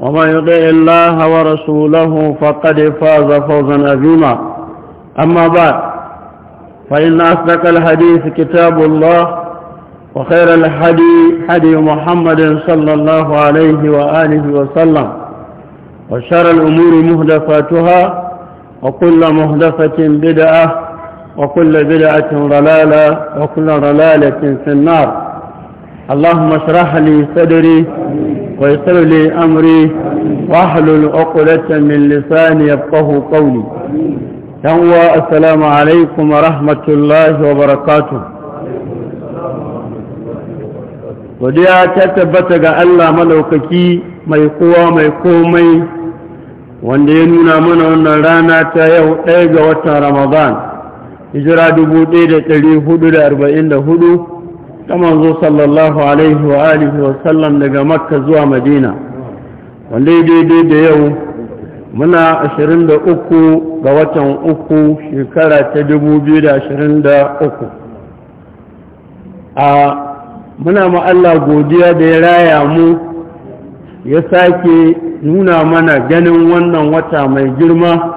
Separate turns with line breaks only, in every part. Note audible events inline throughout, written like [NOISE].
ومن يطع الله ورسوله فقد فاز فوزا عظيما أما بعد فإن أصدق الحديث كتاب الله وخير الحدي حدي محمد صلى الله عليه وآله وسلم وشر الأمور مهدفاتها وكل مهدفة بدعة وكل بدعة ضلالة وكل ضلالة في النار اللهم اشرح لي صدري ويسر لي أمري واحلل عقدة من لساني يفقه قولي يوى السلام عليكم ورحمة الله وبركاته وديا تتبت ga Allah malaukaki mai kowa mai komai wanda ya nuna mana wannan rana ta yau ɗaya ga watan Ramadan hijira hudu. ta manzo sallallahu alaihi wa alihi wa sallam daga makka zuwa madina wanda daidai da yau muna 23 ga watan uku shekara ta 2023 a muna ma'alla godiya da ya raya mu ya sake nuna mana ganin wannan wata mai girma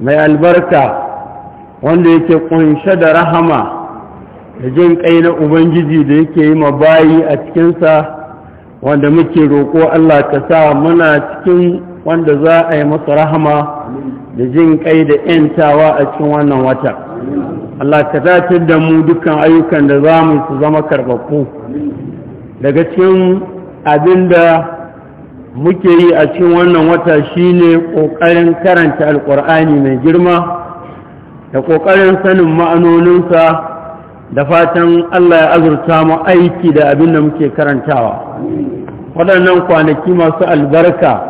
mai albarka wanda yake kunshe da rahama da jin kai na ubangiji da yake yi ma bayi a cikinsa wanda muke roƙo Allah ka sa muna cikin wanda za a yi masa rahama da jin kai da ‘yantawa a cikin wannan wata Allah ka zatar da mu dukkan ayyukan da za mu su zama karɓaɓɓu daga cikin abinda muke yi a cikin wannan wata shine ƙoƙarin karanta alƙur'ani mai girma da ƙoƙarin sanin ma'anoninsa da fatan Allah ya azurta mu aiki da abin da muke karantawa waɗannan kwanaki masu albarka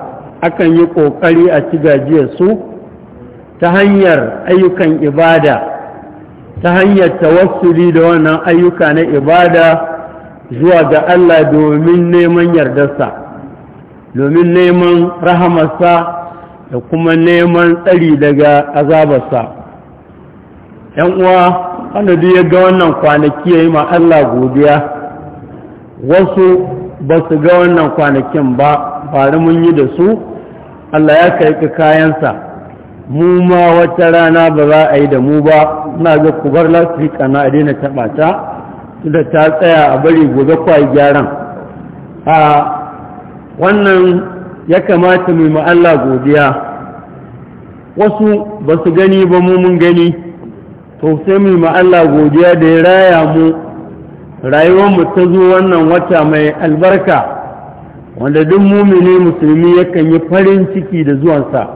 akan yi ƙoƙari a ci su, ta hanyar ayyukan ibada ta hanyar tawassuli da wannan ayyuka na ibada zuwa ga Allah domin neman yardarsa domin neman rahamarsa da kuma neman tsari daga azabarsa ‘yan uwa wanda duk ya ga wannan kwanaki ya yi ma Allah godiya wasu ba su ga wannan kwanakin ba bari mun yi da su Allah ya karɓi kayansa mu ma wata rana ba za a yi da mu ba na ga kubar lafirka na a daina taɓa ta da ta tsaya a bari gobe kwayi gyaran a wannan ya kamata mai Allah godiya wasu ba su gani ba mu mun gani to sai mu ma Allah godiya da ya raya mu rayuwar mu ta zo wannan wata mai albarka wanda duk mumini musulmi yakan yi farin ciki da zuwansa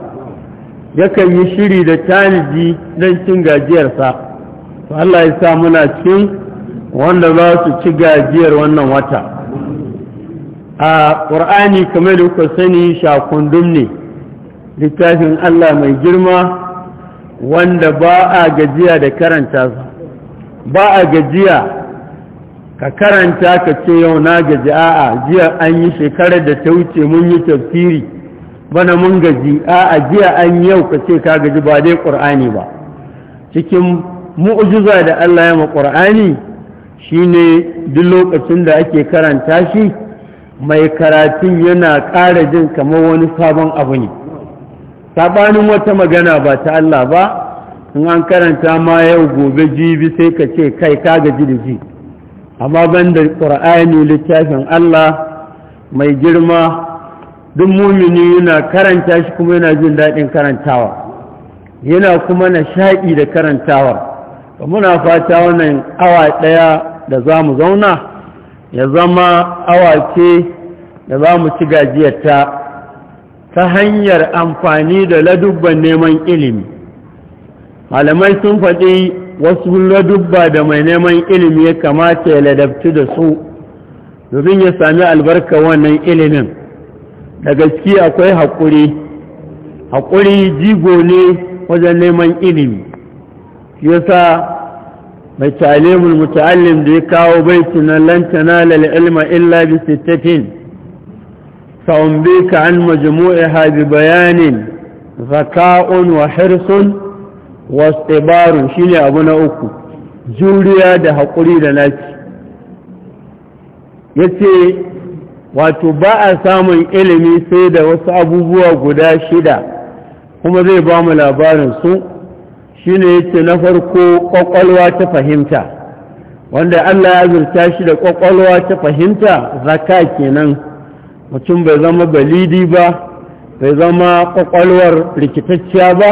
yakan yi shiri da taniji don cin gajiyarsa to Allah ya sa muna cikin wanda za su ci gajiyar wannan wata a ƙur'ani kamar da kuka sani shakundum ne littafin Allah mai girma wanda ba a gajiya da karanta su ba a gajiya ka karanta ka ce yau na gaji a'a jiya an yi shekarar da ta wuce mun yi tafsiri bana mun gaji a'a jiya an yau ka ce ka gaji ba dai ƙur'ani ba cikin mu'ujiza da Allah ya ma ƙur'ani shine duk lokacin da ake karanta shi mai karatun yana ƙara jin kamar wani sabon abu ne sabanin wata magana ba ta Allah ba in an karanta ma yau gobe jibi sai ka ce kai ka gaji da ji amma ban da ƙur'ani littafin Allah mai girma duk mumini yana karanta shi kuma yana jin daɗin karantawa yana kuma na sha'i da karantawa muna fata wannan awa ɗaya da za mu zauna ya zama awa ce da za mu ci ta ta hanyar amfani da ladubban neman ilimi malamai sun faɗi wasu ladubba da mai neman ilimi ya kamata ya ladabci da su domin ya sami albarka wannan ilimin da gaske akwai haƙuri haƙuri jigo ne wajen neman ilimi yasa mai talimul muta'allim da ya kawo baiti na lantana lal ilma illa bi سأنبيك عن مجموعها ببيان ذكاء وحرص واستبار شيني uku أكو da ده da لناك yace wato ba a samun ilimi sai da wasu abubuwa guda shida kuma zai bamu labarin su shine yace na farko ƙwaƙwalwa ta fahimta wanda Allah ya azurta shi da ƙwaƙwalwa ta fahimta zaka kenan mutum bai zama balidi ba bai zama kwakwalwar rikitacciya ba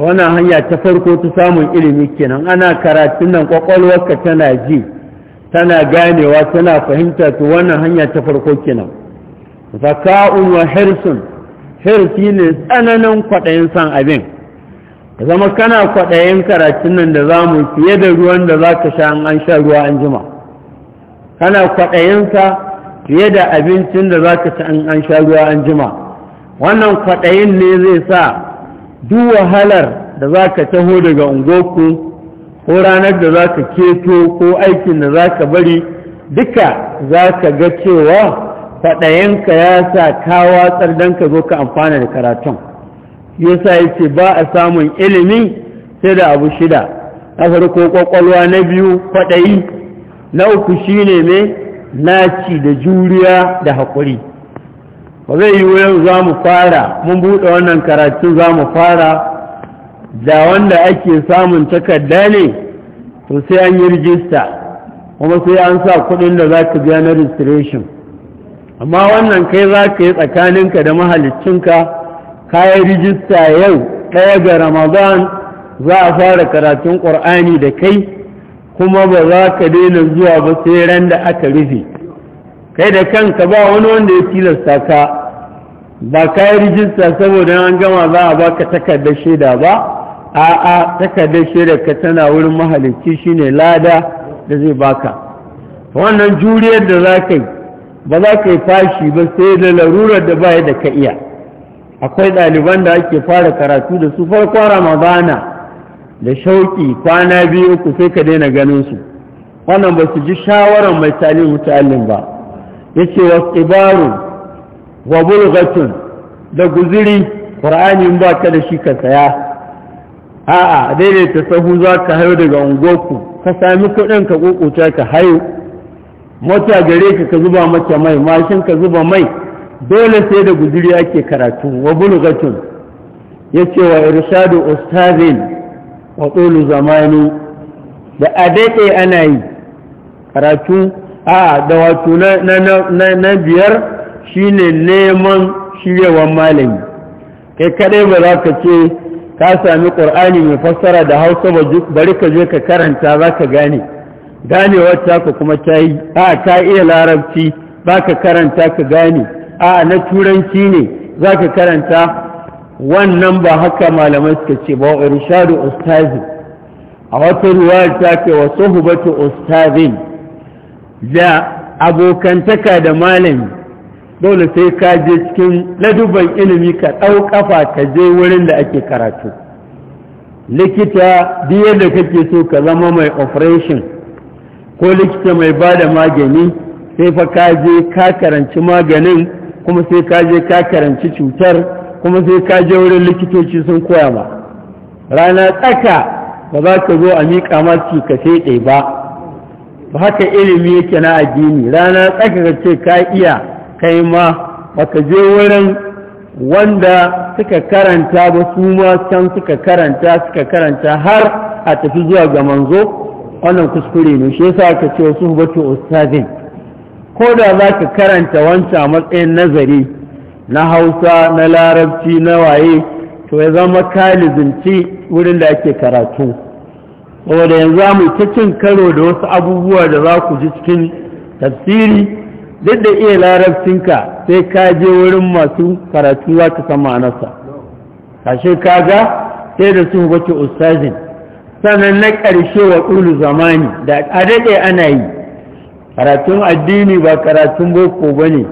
wana hanya ta farko ta samun ilimi kenan ana karatun nan kwakwalwarka tana ji tana ganewa tana fahimta to wannan hanya ta farko kenan zaka'un wa hirsun hirsi ne tsananin kwaɗayin san abin zama kana kwaɗayin karatun nan da za mu fiye da ruwan da za ka sha an sha ruwa an jima kana kwaɗayinsa fiye da abincin da za ka ci an sha ruwa an jima wannan kwaɗayin ne zai sa duk wahalar da za ka taho daga ungoku ko ranar da za ka keto ko aikin da za ka bari duka za ka ga cewa kwaɗayinka ya sa kawatsar don ka zo ka amfana da karatun sa ya ce ba a samun ilimi sai da abu shida na farko kwakwalwa na biyu kwaɗayi na uku shine mai naci da juriya da hakuri. ba zai yi wuyan za mu fara mun buɗe wannan karatun za mu fara da wanda ake samun takarda ne to sai an yi rijista kuma sai an sa kuɗin da za ka biya na registration amma wannan kai za ka yi tsakaninka da mahalicinka kayan rijista yau ɗaya ga ramadan za a fara karatun ƙur'ani da kai kuma ba za ka daina zuwa ba sai ran da aka rufe kai da kanka ba wani wanda ya tilasta ka ba ka yi rijista saboda an gama za a baka takardar shaida ba a'a takardar shaida ka tana wurin mahalicci shine lada da zai baka wannan juriyar da za ka yi ba za ka yi fashi ba sai da larurar da baya da ka iya akwai ɗaliban da ake fara karatu da su farko ramadana da shauki kwana biyu uku sai ka daina ganin su wannan ba su ji shawaran mai talim mutallin ba yace wa ibaru wa bulghatun da guziri qur'ani ba ka da shi ka saya a'a daidaita sahu za ka hayo daga ungoku ka sami kuɗin ka kokuta ka hayo mota gare ka ka zuba mata mai mashin ka zuba mai dole sai da guziri ake karatu wa bulghatun yace wa irshadu ustazin wa ƙulu zamani da a daɗe ana yi karatu a da wato na biyar shine neman shiryawan malami kai kaɗai ba za ka ce ka sami ƙur'ani mai fassara da hausa bari ka je ka karanta za ka gane wata ka kuma ta yi a ta iya larabci ba ka karanta ka gane a na turanci ne za ka karanta wannan ba haka malamai suka ce ba wa irshadu ustazi a wata ruwa ta ce wa suhbatu ustazin da abokantaka da malami dole sai ka je cikin laduban ilimi ka ɗau ƙafa ka je wurin da ake karatu likita duk da kake so ka zama mai operation ko likita mai ba da magani sai fa ka je ka karanci maganin kuma sai ka je ka karanci cutar kuma sai ka je wurin likitoci sun koya ma rana tsaka ba za ka zo a miƙa masu ka sai ba ba haka ilimi yake na addini rana tsaka ka ce ka iya kai ma baka je wurin wanda suka karanta ba su ma can suka karanta suka karanta har a tafi zuwa ga manzo wannan kuskure ne shi yasa ka ce wasu hubatu ustazin ko da za ka karanta wancan a matsayin nazari na hausa na larabci na waye to ya zama kalizinci wurin da ake karatu saboda yanzu mu ta cin karo da wasu abubuwa da za ku ji cikin tafsiri duk da iya larabcinka sai ka je wurin masu karatu za ka san ma'anarsa kashe kaga sai da su bace ustazin sannan na karshe wa ƙulu zamani da a dade ana yi karatun addini ba karatun boko ba ne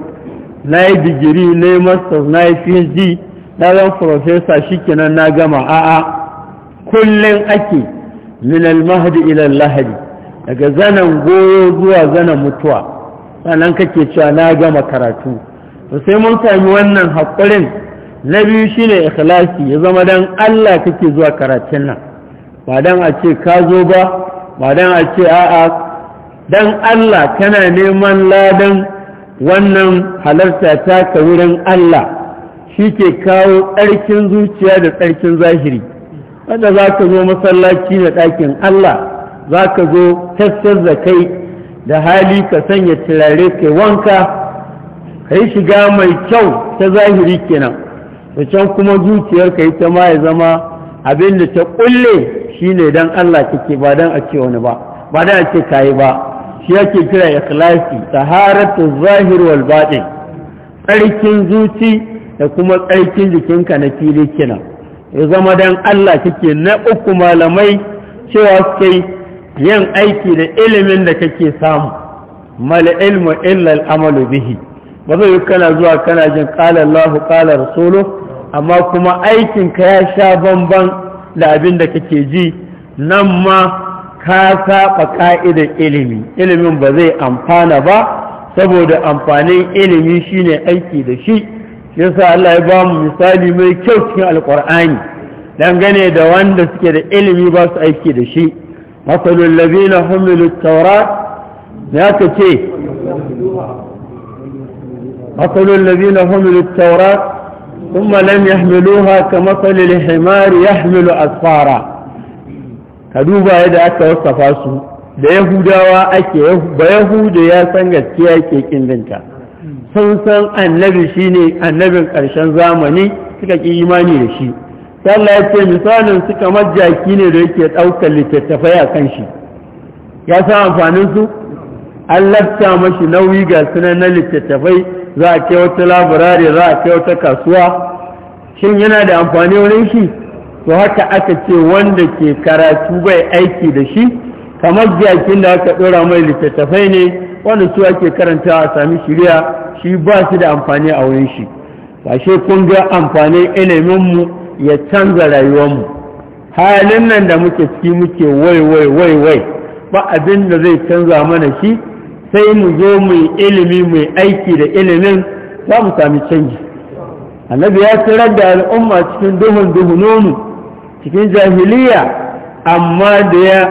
na yi digiri na yi masters na yi phd na zan professor shikenan na gama a'a kullum ake minal mahadi ilal lahadi daga zanen goyo zuwa zanen mutuwa sannan kake cewa na gama karatu to sai mun sami wannan haƙurin na biyu shine ikhlasi ya zama dan Allah kake zuwa karatun nan ba dan a ce ka zo ba ba dan a ce a'a dan Allah kana neman ladan wannan halarta ta ka wurin Allah shi ke kawo tsarkin zuciya da tsarkin zahiri wanda za ka zo masallaci da ɗakin Allah za ka zo tattar da kai da hali ka sanya turare kai wanka ka yi shiga mai kyau ta zahiri kenan da can kuma zuciyar ka yi ta ma ya zama abin da ta kulle shine dan Allah kake ba dan a ce wani ba ba dan a ce kayi ba shi yake kira ikhlasi taharatu zahir wal batin tsarkin zuci da kuma tsarkin jikinka na fili kina ya zama dan Allah kike na uku malamai cewa sai yin aiki da ilimin da kake samu mal ilmu illa al amalu bihi ba zai kana zuwa kana jin qala Allah qala rasulu amma kuma aikin ka ya sha bamban da abin da kake ji nan ma ka saba ka'idar ilimi ilimin ba zai amfana ba saboda amfanin ilimi shine aiki da shi yasa Allah ya ba mu misali mai kyau cikin alkur'ani dangane da wanda suke da ilimi ba su aiki da shi masalul ladina humilu tawrat ya ka ce masalul ladina humilu tawrat ثم لم يحملوها Himari الحمار يحمل ka duba yadda aka wasafa su da yahudawa ake ba yahuda ya san gaskiya ke kindinta sun san annabi shine annabin ƙarshen zamani suka ki imani da shi sallah ya ce misalin su kamar jaki ne da yake ɗaukar littattafai a kan shi ya san amfanin su an lafta mashi nauyi ga sunan na littattafai za a kai wata labarari za a kai wata kasuwa shin yana da amfani wurin shi to haka aka ce wanda ke karatu bai aiki da shi kamar jakin da aka ɗora mai littattafai ne wanda su ake karanta a sami shirya shi ba su da amfani a wurin shi ashe kun ga amfani iliminmu ya canza rayuwarmu halin nan da muke ciki muke wai wai wai wai ba abin da zai canza mana shi sai mu zo mu ilimi mu aiki da ilimin za mu sami canji annabi ya tsirar da al'umma cikin duhun duhunonu cikin jahiliya amma da ya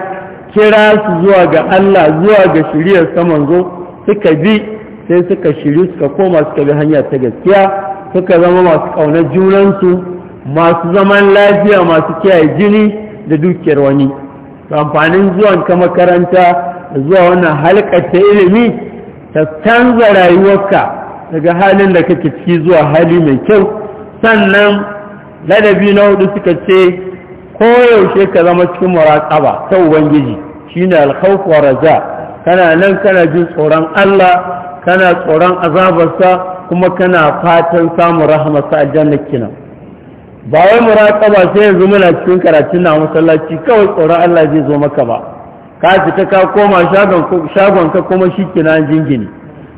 kira su zuwa ga Allah zuwa ga shiriyar saman zo suka bi sai suka shiri suka koma suka bi hanya ta gaskiya suka zama masu ƙaunar junansu masu zaman lafiya masu kiyaye jini da dukiyar wani amfanin zuwan ka makaranta zuwa wannan halkar ta ilimi ta canza rayuwarka daga halin da kake ciki zuwa hali mai kyau sannan ladabi na hudu suka ce koyaushe ka zama cikin muraƙaba ta ubangiji shine alkhawf wa raja kana nan kana jin tsoron Allah kana tsoron azabarsa kuma kana fatan samun rahmarsa aljanna kina ba wai muraƙaba sai yanzu muna cikin karatun na masallaci kawai tsoron Allah zai zo maka ba ka fita ka koma shagon ka kuma shi kina jingini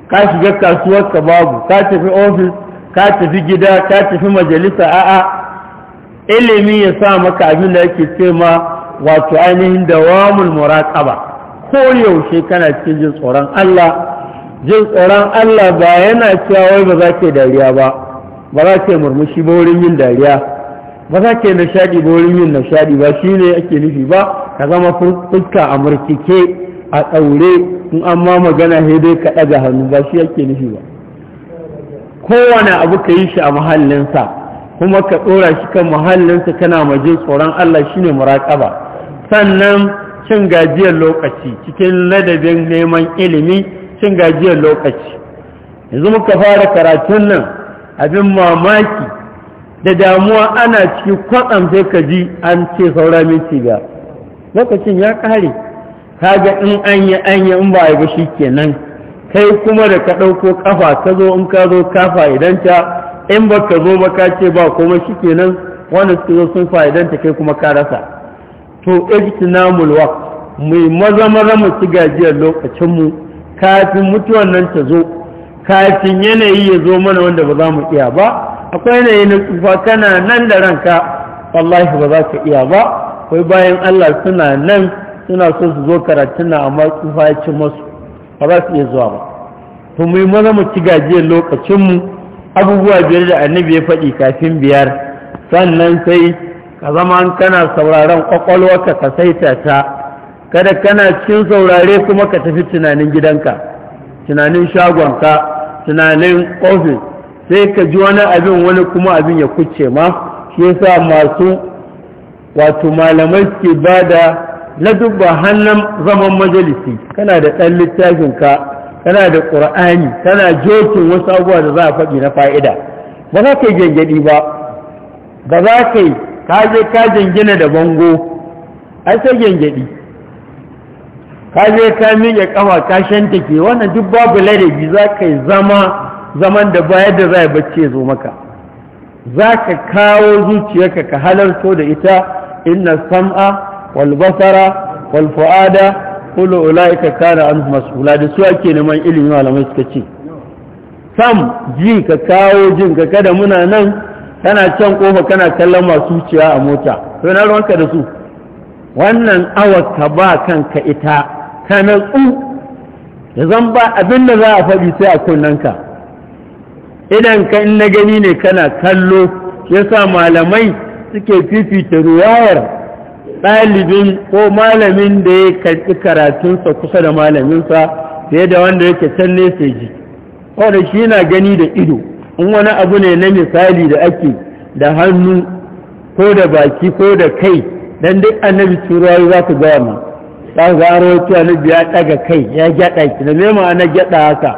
ka shiga kasuwar ka babu ka tafi ofis ka tafi gida ka tafi majalisa a'a ilimi ya sa maka abin da yake ce ma wato ainihin dawamul muraqaba ko yaushe kana cikin jin tsoron Allah jin tsoron Allah ba yana cewa wai ba za ke dariya ba ba za ke murmushi ba wurin yin dariya ba za ke nishadi ba wurin yin nishadi ba shine ake nufi ba ka zama fuska a murkike a daure in an ma magana he dai ka ɗaga hannu ba shi ake nufi ba kowane abu ka yi shi a mahallinsa kuma ka ɗora shi kan muhallinsa kana maje tsoron Allah shi shine muraƙaba sannan cin gajiyar lokaci cikin ladabin neman ilimi cin gajiyar lokaci yanzu muka fara karatun nan abin mamaki da damuwa ana ciki kwatsam sai ka ji an ce saura minti ga lokacin ya ƙare ga in an yi an yi in ba a ba shi kenan kai kuma da ka ɗauko ƙafa ka zo in ka zo kafa idan ta in baka zo ba ka ce ba komai shikenan wanda suke zo sun ta kai kuma ka rasa to na mulwa mai maza maza mu ci gajiyar lokacin kafin mutuwan nan ta zo kafin yanayi ya zo mana wanda ba za mu iya ba akwai yanayi na tsufa kana nan da ranka wallahi ba za ka iya ba akwai bayan Allah suna nan suna so su zo karatun na amma tsufa ya ci masu ba za su iya zuwa ba to mai maza mu ci gajiyar lokacin abubuwa biyar da annabi ya faɗi kafin biyar sannan sai ka zama kana sauraron ƙwaƙwalwarka ka saita ta kada kana cikin saurare kuma ka tafi tunanin gidanka tunanin shagonka tunanin ofis sai ka ji wani abin wani kuma abin ya kuce ma shi yasa masu wato malamai suke ba da ladubba hannun zaman majalisi kana da ɗan littafinka kana da Ƙur'ani tana jokin wasu abubuwa da za a faɗi na fa'ida ba za ka yi ba ba za ka yi ka ka jangina da bango ai sai gyangyaɗi ka je ka miƙe ƙafa ka ke wannan duk babu ladabi za ka yi zama zaman da bayar da za a bacci zo maka za ka kawo zuciyarka ka halarto da ita inna sam'a wal basara wal fu'ada kullu ulaika kana an mas'ula da su ake neman ilimi malamai suka ce sam ji ka kawo jin ka kada muna nan kana can kofa kana kallon masu ciya a mota to na ruwanka da su wannan awar ka ba kanka ita ka natsu da zan ba abin da za a faɗi sai a kunnen ka. idan ka in na gani ne kana kallo yasa malamai suke fifita ruwayar ɗalibin ko malamin da ya karɓi karatunsa kusa da malaminsa fiye da wanda yake can nesa ji wanda shi yana gani da ido in wani abu ne na misali da ake da hannu ko da baki ko da kai don duk annabi turawa za ku ga za ku ga aro cewa annabi ya ɗaga kai ya gyaɗa ki da me ana gyaɗa haka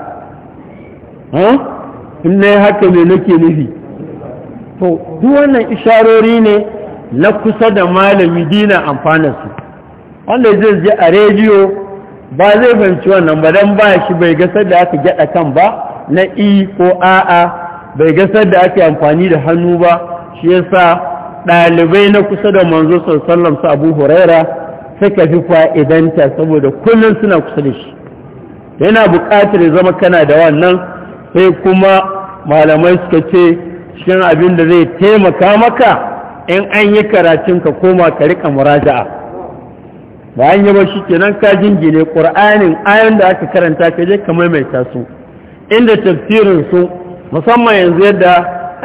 in na haka me nake nufi to duk wannan isharori ne na kusa da malami dina amfanarsu wanda zai je a rediyo ba zai fahimci wannan ba don ba shi bai gasar da aka gyada kan ba na i ko a'a bai gasar da ake amfani da hannu ba shi yasa ɗalibai na kusa da manzo sallam su abu huraira suka fi fa'idanta saboda kullum suna kusa da shi yana buƙatar zama kana da wannan sai kuma malamai suka ce shin abin da zai taimaka maka in an yi karatun ka koma ka rika muraja'a bayan yaba shi kenan ka jingine ƙur'anin ayon da aka karanta ka je ka maimaita su inda tafsirin su musamman yanzu yadda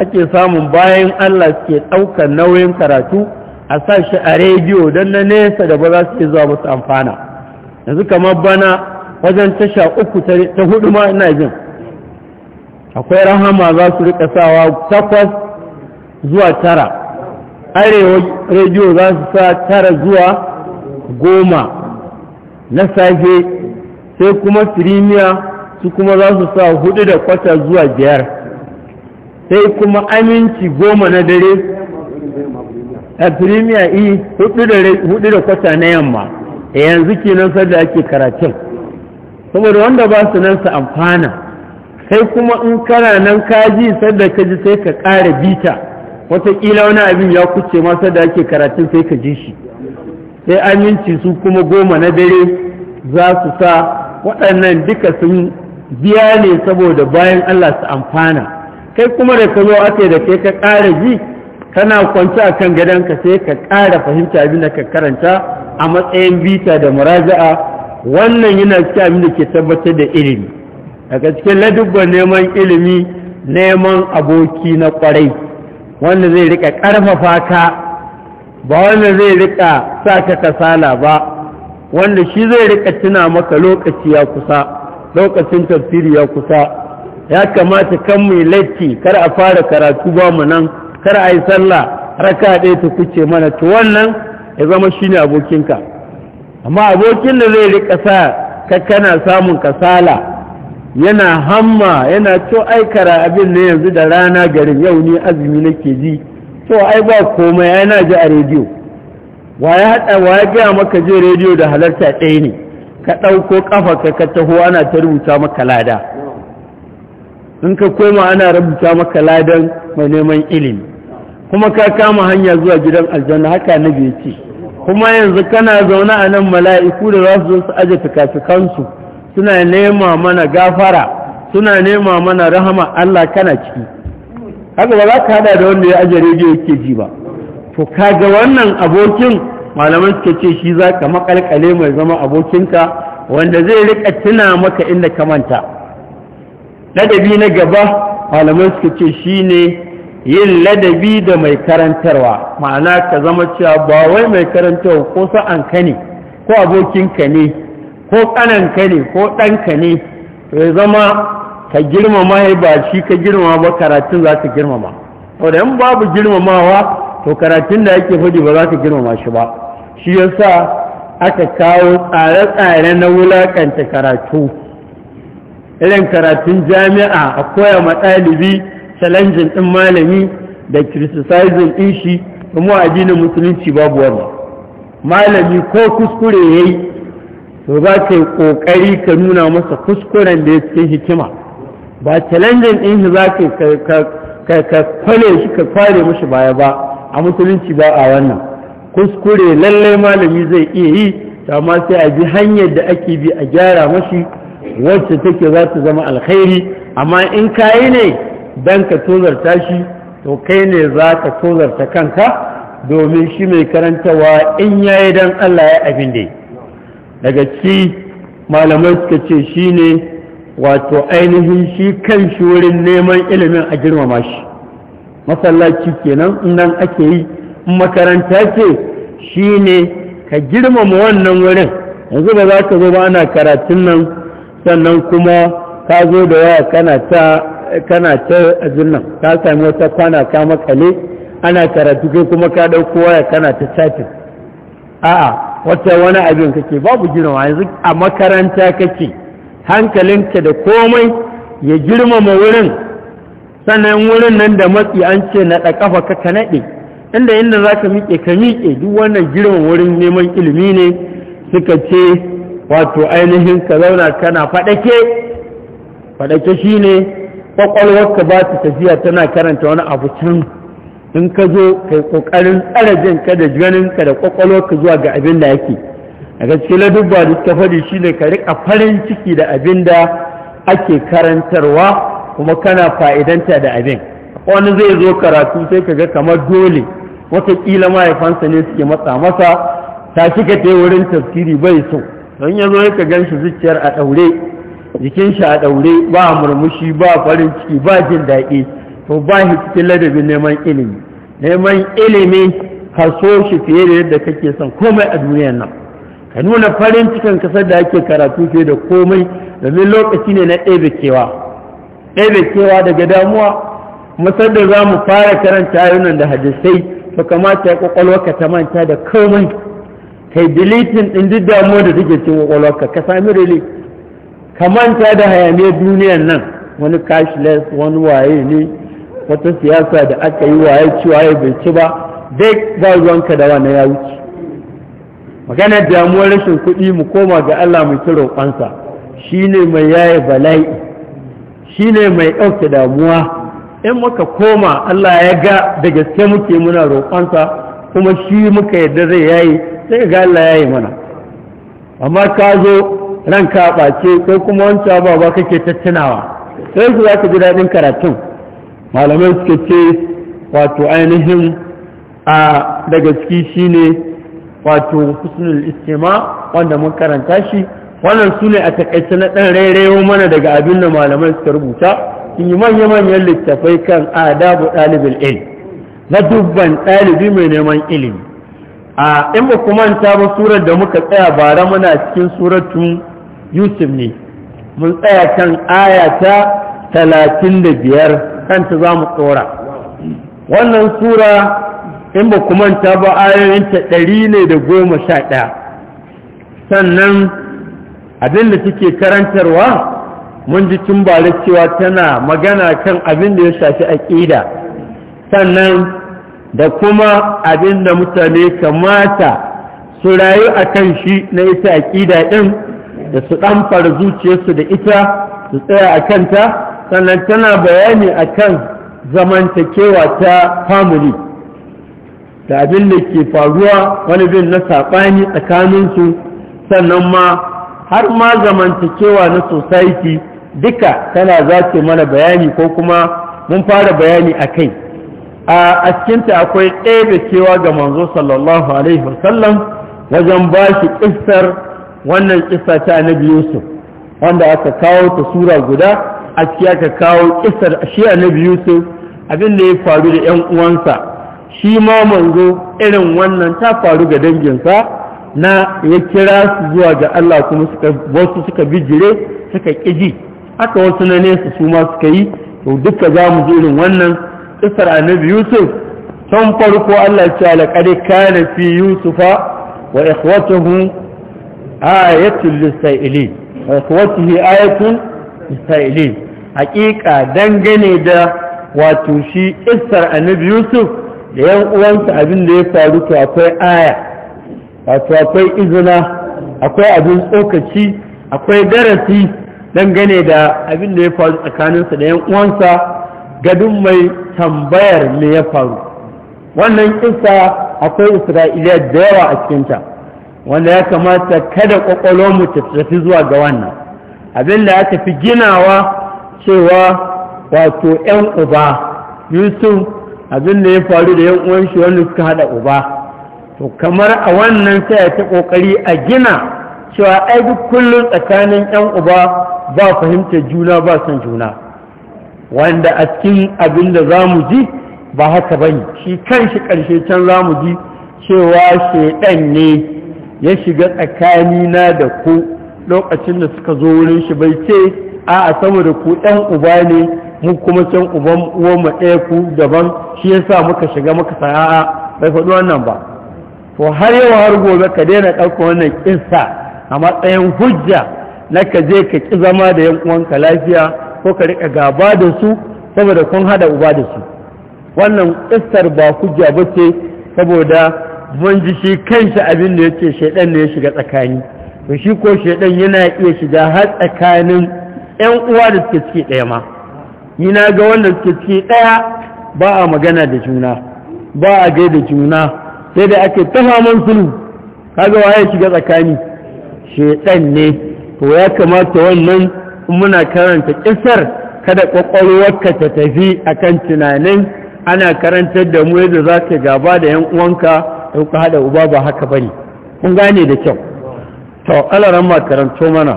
ake samun bayan Allah ke ɗaukar nauyin karatu a sa shi a rediyo don na nesa da ba za su ke zuwa musu amfana yanzu kamar bana wajen tasha uku ta hudu ma ina jin akwai rahama za su rika sawa takwas zuwa tara arewa rediyo za su sa tara zuwa goma na safe sai kuma firimiya su kuma za su sa hudu da kwata zuwa biyar sai kuma aminci goma na dare a firimiya e, i hudu da kwata na yamma a e, yanzu ke nan sadda ake karatun saboda wanda ba su nan su amfana sai kuma in kana nan kaji sadda ka ji sai ka ƙara bita wataƙila wani abin ya kuce masa da ake karatun sai ka ji shi sai aminci su kuma goma na dare za su sa waɗannan duka sun biya ne saboda bayan Allah su amfana kai kuma da ka zo aka da kai ka ƙara ji kana kwanci a kan ka sai ka ƙara fahimta abin da ka karanta a matsayin bita da muraja'a wannan yana cikin abin da ke tabbatar da ilimi daga cikin ladubban neman ilimi neman aboki na ƙwarai wanda zai rika ƙarfafa ka ba wanda zai rika sa ka kasala ba wanda shi zai rika tuna maka lokaci ya kusa lokacin tafsiri ya kusa ya kamata kan mai latti kar a fara karatu ba mu nan kar a yi sallah raka ɗaya ta kuce mana to wannan ya zama shi ne abokinka amma abokin da zai rika sa ka kana samun kasala yana hamma yana to ai kara abin ne yanzu da rana garin yau ne azumi nake ji to ai ba komai yana ji a rediyo wa ya hada wa ya gaya maka je rediyo da halarta ɗaya ne ka ɗauko ƙafa ka ka taho ana ta rubuta maka lada in ka koma ana rubuta maka ladan mai neman ilimi kuma ka kama hanya zuwa gidan aljanna haka na ce kuma yanzu kana zaune a nan mala'iku da za su zo su aje fikafikansu suna nema mana gafara suna nema mana rahama Allah kana ciki haka ba za ka hada da wanda ya aje rediyo ke ji ba to ga wannan abokin malaman suke ce shi za ka makalkale mai zama abokinka wanda zai rika tuna maka inda ka manta ladabi na gaba malaman suka ce shi ne yin ladabi da mai karantarwa ma'ana ka zama cewa ba wai mai karantarwa ko sa'anka ne ko abokinka ne ko ƙananka ne ko ɗanka ne ya zama ka girmama ya ba shi ka girmama ba karatun za ka girmama to da yan babu girmamawa to karatun da yake faɗi ba za ka girmama shi ba shi sa aka kawo tsare-tsare na wulaƙanta karatu irin karatun jami'a a koya ɗalibi challenging ɗin malami da criticizing ɗin shi kuma addinin musulunci babu wannan malami ko kuskure ya to za ka yi ƙoƙari ka nuna masa kuskuren da ya cikin hikima ba challenging ɗin shi za ka ka kwale shi ka kware mashi baya ba a musulunci ba a wannan kuskure lallai malami zai iya yi amma sai a bi hanyar da ake bi a gyara mashi wacce take za ta zama alkhairi amma in ka yi ne don ka tozarta shi to kai ne za ka tozarta kanka domin shi mai karantawa in yayi don Allah ya abin da yi daga ci malamai suka ce shine wato ainihin shi kan shi wurin neman ilimin a girmama shi masallaci kenan in nan ake yi in makaranta ce shine ka girmama wannan wurin yanzu ba za ka zo ba ana karatun nan sannan kuma ka zo da yawa kana ta kana nan ka sami wata kwana ka makale ana karatu kai kuma ka ɗauko waya kana ta chatin a'a wata wani abin kake babu girma yanzu a makaranta kake hankalinka da komai ya girmama wurin sannan wurin nan da matsi an ce na ɗaƙafa ka ka naɗe inda inda za ka miƙe ka miƙe duk wannan girma wurin neman ilimi ne suka ce wato ainihin ka zauna kana faɗake faɗake shi ne ƙwaƙwalwarka ba ta tafiya tana karanta wani abu can in ka zo kai kokarin tsara ka da ka da ka zuwa ga abin da yake a gaske ladubba da ta faɗi shine ka rika farin ciki da abin da ake karantarwa kuma kana fa'idanta da abin wani zai zo karatu sai ka ga kamar dole watakila mahaifansa ne suke matsa masa ta ka tai wurin tafsiri bai so don ya zo ya ka gan shi zuciyar a ɗaure jikin shi a ɗaure ba murmushi ba farin ciki ba jin daɗi to ba shi cikin ladabin neman ilimi neman ilimi ka so shi fiye da yadda kake son komai a duniyar nan ka nuna farin cikin kasar da ake karatu fiye da komai domin lokaci ne na ɗebe kewa ɗebe kewa daga damuwa musar da za mu fara karanta ayunan da hadisai to kamata ya ka ta manta da komai kai dilitin ɗin duk damuwa da take cikin kwakwalwarka ka sami rili ka manta da hayaniyar duniyar nan wani cashless wani waye ne wata siyasa da aka yi waye ci waye bai ci ba dai ba ruwanka da wannan ya wuce magana damuwar rashin kuɗi mu koma ga Allah mu kiro kwansa shine mai yaye bala'i shine mai ɗauke damuwa in muka koma Allah ya ga da gaske muke muna roƙonsa kuma shi muka yadda zai yayi sai ga Allah yayi mana amma ka zo ranka ɓace kai kuma wancan ba ba kake tattunawa sai su za ka ji daɗin karatun malamai suka ce wato ainihin a daga ciki shine wato husnul istima wanda mun karanta shi wannan su ne a takaice na ɗan rairayo mana daga abin da malamai suka rubuta sun yi manya-manyan littafai kan adabu ɗalibin ilm na dubban ɗalibi mai neman ilimi a in ba manta ba surar da muka tsaya bara muna cikin suratun yusuf ne mun tsaya kan aya ta talatin da biyar kanta za mu tsora wannan sura in ba ku manta ba ayoyinta ɗari ne da goma sha ɗaya sannan abin da take karantarwa mun ji tun ba cewa tana magana kan abin da ya shafi aƙida sannan da kuma abin da mutane kamata su rayu a kan shi na ita aƙida ɗin da su ɗamfar zuciyarsu da ita su tsaya a kanta sannan tana bayani a akan zamantakewa ta family da abin da ke faruwa wani bin na saɓani tsakaninsu sannan ma har ma zamantakewa na society duka tana za mana bayani ko kuma mun fara bayani a kai a askinta akwai ɗaya cewa ga manzo sallallahu alaihi wasallam wajen ba shi ƙistar wannan ƙista ta annabi yusuf wanda aka kawo ta sura guda a ka kawo kisar shi annabi yusuf abin da ya faru da yan uwansa shi ma manzo irin wannan ta faru ga danginsa na ya kira su zuwa ga Allah kuma suka wasu suka bijire suka kiji haka wasu na nesa su ma suka yi to duka za mu ji irin wannan kisar annabi yusuf tun farko Allah ya ce alaƙari kana fi yusufa wa ikhwatuhu ayatul lisaili wa ayatul isra'ili hakika dangane da wato shi isar annabi yusuf da yan uwansa abin da ya faru to akwai aya wato akwai izina akwai abin tsokaci akwai darasi dangane da abin da ya faru tsakaninsa da yan uwansa gadin mai tambayar me ya faru wannan kisa akwai isra'iliya da yawa a cikinta wanda ya kamata kada kwakwalwarmu mu tafi zuwa ga wannan abin da aka fi ginawa cewa wato ‘yan uba yusuf abin da ya faru da ‘yan uwan shi wanda suka haɗa uba to kamar a wannan sai a ta ƙoƙari a gina cewa ai duk kullum tsakanin ‘yan uba ba fahimtar juna ba son juna wanda a cikin abin da za mu ji ba haka ba shi kan shi ƙarshe can za mu ji cewa shaiɗan ne ya shiga tsakanina da ku lokacin da suka zo wurin shi bai ce a saboda ku ɗan uba ne mu kuma can uban uwan mu ɗaya ku daban shi ya sa muka shiga muka a'a bai faɗi wannan ba to har yau har gobe ka daina ɗaukar wannan kissa a matsayin hujja na ka je ka ƙi zama da yan uwanka lafiya ko ka riƙa gaba da su saboda kun haɗa uba da su wannan kistar ba hujja ba ce saboda mun ji shi kanshi abin da ya yake shaidan ne ya shiga tsakani to shi ko shaidan yana iya shiga har tsakanin yan uwa da suke ciki ɗaya ma ni ga wanda suke ciki ɗaya ba a magana da juna ba a da juna sai da ake tafaman sulhu kaga waye shiga tsakani shaidan ne to ya kamata wannan muna karanta ƙisar, kada ka ta tafi akan tunanin ana karantar da mu yadda za ka gaba da yan uwanka da kuka haɗa uba ba haka bane kun gane da kyau to alaran ma karanto mana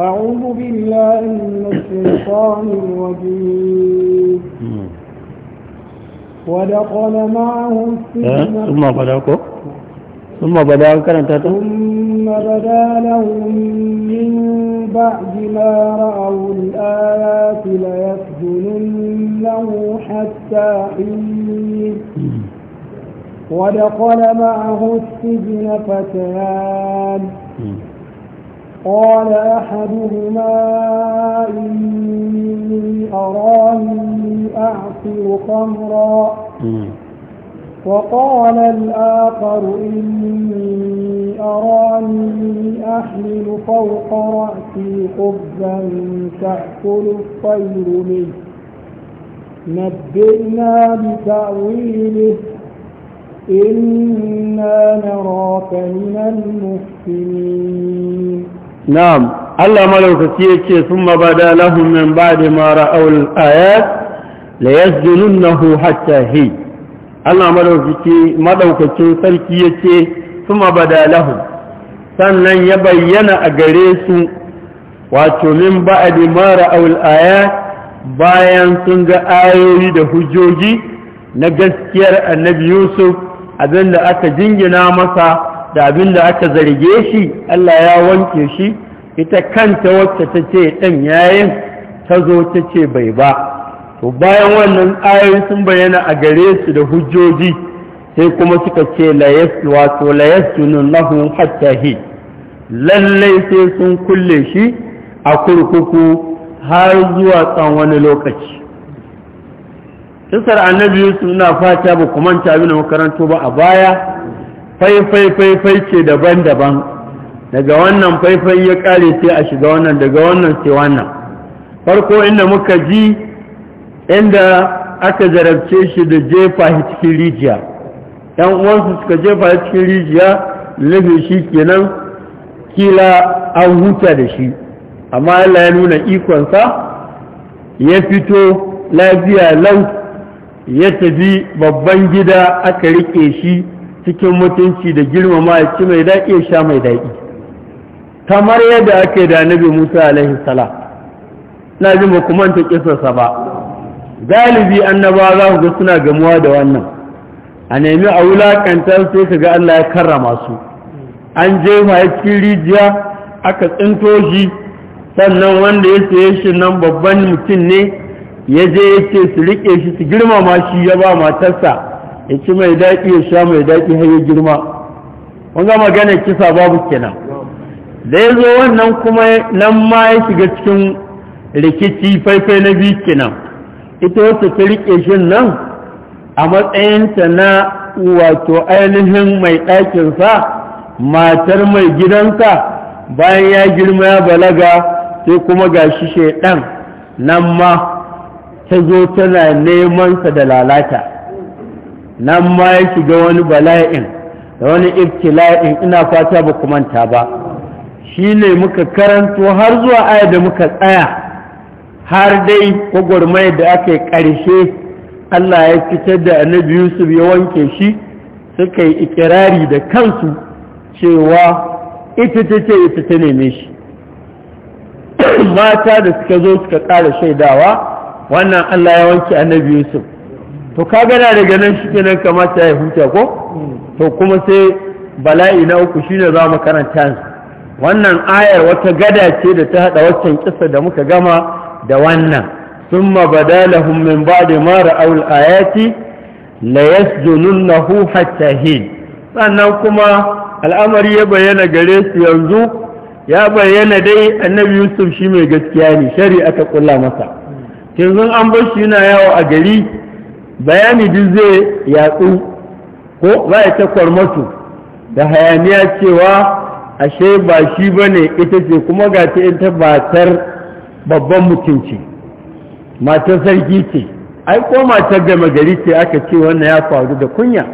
أعوذ بالله من الشيطان الرجيم ودخل معه السجن ثم
بدأك ثم بدأك ثم
بدا لهم من بعد ما رأوا الآيات ليسجننه حتى حين ودخل معه السجن فتيان قال أحدهما إني أراني أعصر خمرا وقال الآخر إني أراني أحمل فوق رأسي خبزا تأكل الطير منه نبئنا بتأويله إنا نراك من المحسنين
نعم الله ملوك سيكي ثم بدا لهم من بعد ما رأوا الآيات ليسجننه حتى هي Allah madaukakin sarki ya ce, "Suma bada lahu, sannan ya bayyana a gare su, wato min ba'adi mara aya bayan sun ga ayoyi da hujjoji na gaskiyar annabi Yusuf abin da aka jingina masa da abin da aka zarge shi Allah ya wanke shi ita kanta wacce ta ce ɗan yayin ta zo ta ce bai ba to bayan wannan ayoyi sun bayyana a gare su da hujjoji sai kuma suka ce wato layastunun lahun hatta hi lallai sai sun kulle shi a kurkuku har zuwa tsawon wani lokaci kisar annabi yusuf na fata ba kuma manta abin makaranto ba a baya faifai faifai ce daban-daban daga wannan faifai ya kare sai a shiga wannan daga wannan sai wannan farko inda muka ji inda aka zarabce shi da jefa cikin rijiya yan uwansu suka jefa cikin rijiya lafi shi kenan kila an huta da shi amma Allah ya nuna ikonsa ya fito lafiya lau ya tafi babban gida aka riƙe shi cikin mutunci da girmama ya ci mai daƙi ya sha mai daƙi kamar yadda aka yi da nabi musa alaihi sala na ji makumanta kisarsa ba galibi annaba za ku ga suna gamuwa da wannan a nemi a wulakantar sai ka ga allah ya karrama su an je ya cikin rijiya aka tsinto shi sannan wanda ya saye shi nan babban mutum ne ya je ya ce su riƙe shi su girmama shi ya ba matarsa ya ci mai daɗi ya sha mai daɗi har ya girma ga magana kisa babu kenan da ya zo wannan kuma nan ma ya shiga cikin rikici faifai na biyu kenan ita wasu ta riƙe shi nan a matsayinta na wato ainihin mai ɗakinsa matar mai gidansa bayan ya girma ya balaga sai kuma ga shi shaiɗan nan ma ta zo tana nemansa da lalata nan ma ya shiga wani bala'in da wani ibtila'in ina fata ba manta ba shi ne muka karanto har zuwa aya da muka tsaya har dai gwagwarmayar da aka yi ƙarshe Allah ya fitar da annabi Yusuf ya wanke shi suka yi ikirari da kansu cewa ita ta ce ita ta neme shi [COUGHS] mata da suka zo suka ƙara shaidawa wannan Allah ya wanke annabi Yusuf to ka gana daga nan shikenan kamata ya huta ko to kuma sai bala'i na uku shine za mu karanta wannan ayar wata gada ce da ta hada waccan kissa da muka gama da wannan thumma badalahum min ba'di ma ra'aw al-ayati la yasjununahu hatta hin sannan kuma al'amari ya bayyana gare su yanzu ya bayyana dai annabi Yusuf shi mai gaskiya ne shari'a ta kulla masa yanzu an bar shi yana yawo a gari bayani duk zai yatsu ko za a ta kwarmatu da hayaniya cewa ashe ba shi ba ne ita ce kuma ga ta ita batar babban mutum ce matar sarki ce ai ko matar gama gari ce aka ce wannan ya faru da kunya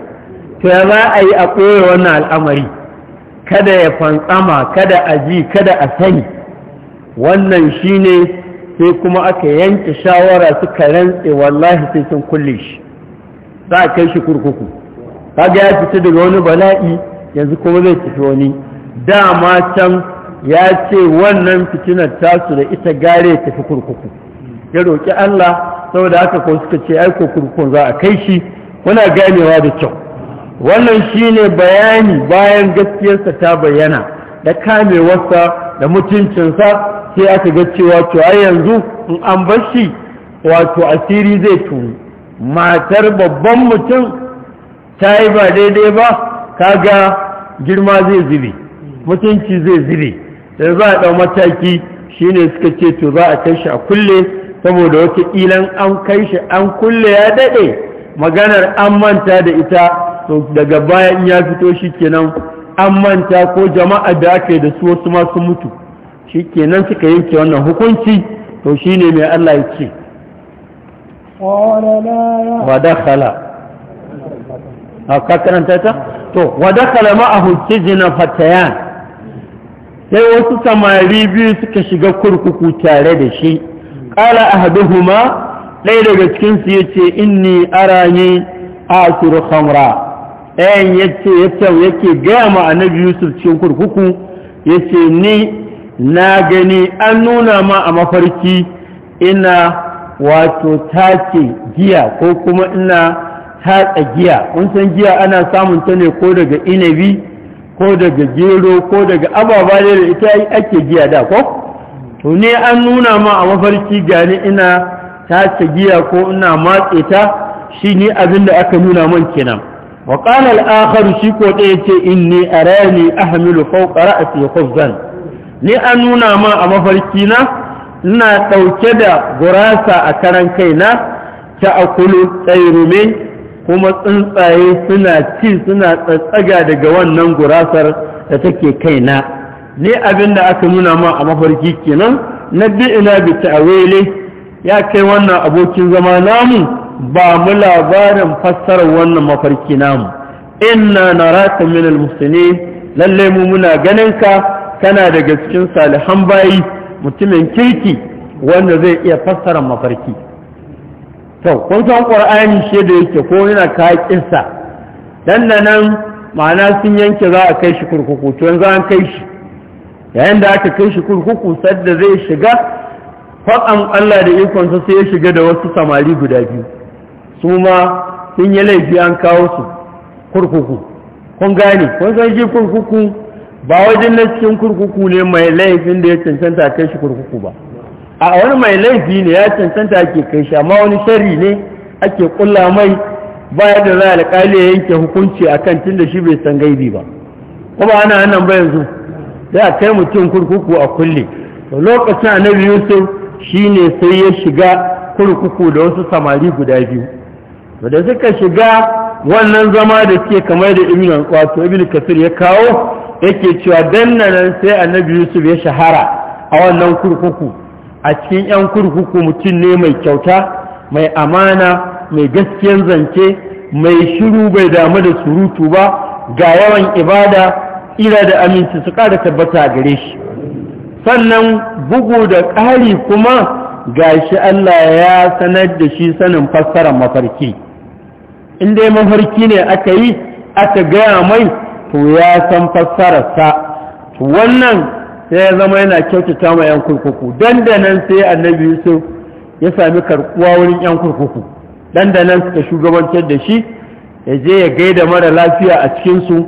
to ya za a yi a ɓoye wannan al'amari kada ya fantsama kada a ji kada a sani wannan shine sai kuma aka yanke shawara suka rantse wallahi sai sun kulle shi za a kai shi kurkuku kaga ya fita daga wani bala'i yanzu kuma zai tafi wani dama can ya ce wannan fitinar tasu da ita gare ya tafi kurkuku ya roƙi Allah saboda haka ko suka ce aiko kurkukun za a kai shi muna ganewa da kyau wannan shine bayani bayan gaskiyarsa ta bayyana da kamewarsa da mutuncinsa sai aka ga cewa to ai yanzu in an bar shi wato asiri zai turu matar babban mutum ta yi ba daidai ba kaga girma zai zube mutunci zai zube da za a ɗau mataki shi ne suka ce to za a kai shi a kulle saboda wata ilan an kai shi an kulle ya daɗe maganar an manta da ita daga bayan ya fito shi kenan an manta ko jama'a da aka yi da su wasu masu mutu shi kenan suka yanke wannan hukunci to shi ne mai Allah ya ce
wadakala
a kakaranta ta to wadakala ma'ahu zina fatayan sai wasu samari biyu suka shiga kurkuku tare da shi ƙala a haduhuma ɗaya daga cikinsu ya ce inni ne a turu hamra ɗayan ya ce yake gaya ma annabi yusuf cikin kurkuku ya ce ni na gani an nuna ma a mafarki ina wato take giya ko kuma ina tatsa giya Mun san giya ana samun ta ne ko daga inabi ko daga gero ko daga ababa da ita ake giya da ko to ne an nuna ma a mafarki gani ina tace giya ko ina matse ta shi ne abin da aka nuna man kenan wa qala al-akhar shi ko da yace inni arani ahmilu fawqa ra'si khubzan ni an nuna ma a mafarki na ina ɗauke da gurasa a karan kaina ta akulu tsairume kuma tsuntsaye suna ci suna tsatsaga daga wannan gurasar da take kaina ni abin da aka nuna ma a mafarki kenan na bi ina bi ta'awele ya kai wannan abokin zama namu ba mu labarin fassarar wannan mafarki namu inna naraka min al-muslimin lalle mu muna ganin ka kana daga cikin salihan bayi mutumin kirki wanda zai iya fassara mafarki to kun san qur'ani shi da yake ko yana ka sa, dan nan ma'ana sun yanke za a kai shi kurkuku to yanzu an kai shi yayin da aka kai shi kurkuku sadda zai shiga faɗan Allah da ikonsa sai ya shiga da wasu samari guda biyu su ma sun yi laifi an kawo su kurkuku kun gane kun san shi kurkuku ba wajen na cikin kurkuku ne mai laifin da ya cancanta kai shi kurkuku ba a wani mai laifi ne ya cancanta ake kai shi amma wani shari ne ake kulla mai bayan da za alƙali ya yanke hukunci a kan tun da shi bai san gaibi ba kuma ana nan ba yanzu da a kai mutum kurkuku a kulle to lokacin annabi yusuf shi ne sai ya shiga kurkuku da wasu samari guda biyu da suka shiga wannan zama da ke kamar da ibn ƙwato, ibn kasir ya kawo yake cewa dannanan sai annabi yusuf ya shahara a wannan kurkuku a cikin 'yan kurkuku mutum ne mai kyauta mai amana mai gaskiyar zance mai shiru bai damu da surutu ba ga yawan ibada ira da aminci su kada tabbata a gare shi sannan bugu da ƙari kuma ga shi Allah ya sanar da shi sanin fassarar mafarki in dai mafarki ne aka yi aka gaya mai to ya san fassararsa wannan sai ya zama yana kyautata ma 'yan kurkuku dandanan sai annabi yusuf ya sami karkuwa wurin 'yan kurkuku dandanan suka shugabantar da shi ya je ya gaida mara lafiya a cikinsu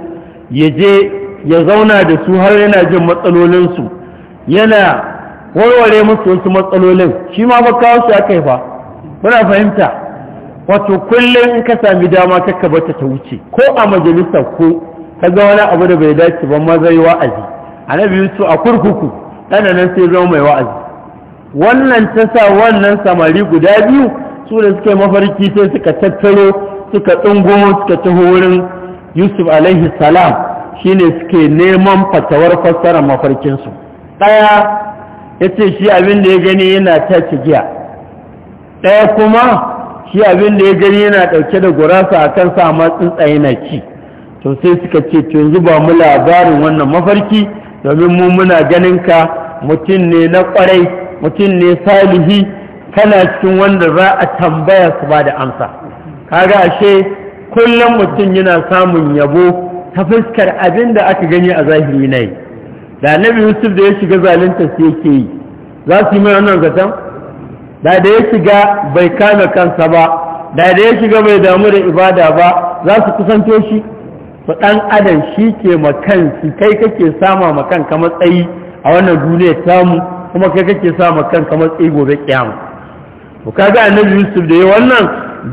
ya je ya zauna da su har yana jin matsalolinsu yana warware musu wasu matsalolin shi ma ba kawo su aka yi fa muna fahimta wato kullum in ka sami dama ta bata ta wuce ko a majalisa ko kaga wani abu da bai dace ba maza yi wa'azi annabi yusuf a kurkuku dana nan sai zama mai wa'azi wannan ta sa wannan samari guda biyu su da suka mafarki sai suka tattaro suka ɗungumo suka taho wurin yusuf alaihi salam shine suke neman fatawar fassara mafarkinsu ɗaya ya ce shi abin da ya gani yana ta cigiya ɗaya kuma shi abin da ya gani yana ɗauke da gurasa akan sa matsin tsaye ci to sai suka ce to yanzu ba mu labarin wannan mafarki domin mu muna ganin ka mutum ne na kwarai mutum ne salihi kana cikin wanda za a tambaya su ba da amsa kaga ashe kullum mutum yana samun yabo ta fuskar abin da aka gani a zahiri na yi da nabi yusuf da ya shiga zalunta su yake yi za su yi mai wannan zaton da da ya shiga bai kame kansa ba da da ya shiga bai damu da ibada ba za su kusanto shi to ɗan adam shi ke makansi kai kake sama makanka matsayi a wannan duniya tamu kuma kai kake sama makan makanka matsayi gobe kiyama to kaga annabi yusuf da ya wannan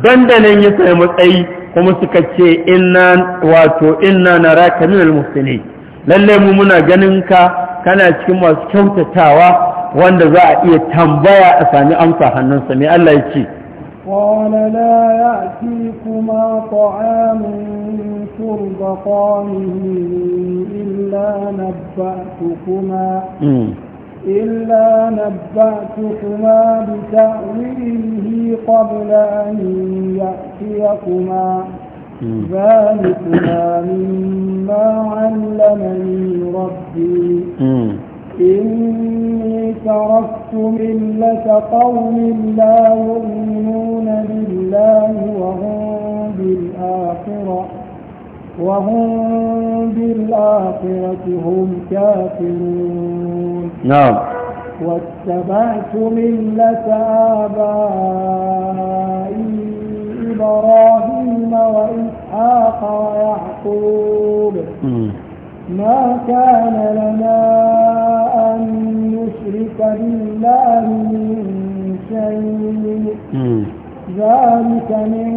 dandanan ya sai matsayi kuma suka ce inna wato inna naraka minal muslimin lalle mu muna ganin ka kana cikin masu kyautatawa wanda za a iya tambaya a sami amsa hannunsa me Allah ya ce
قال لا يأتيكما طعام ترزقانه إلا نبأتكما إلا نبأتكما بتأويله قبل أن يأتيكما ذلكما مما علمني ربي إني تركت ملة قوم لا يؤمنون بالله وهم بالآخرة وهم بالآخرة هم كافرون نعم واتبعت ملة آبائي إبراهيم وإسحاق ويعقوب ما كان لنا أن نشرك بالله من شيء ذلك من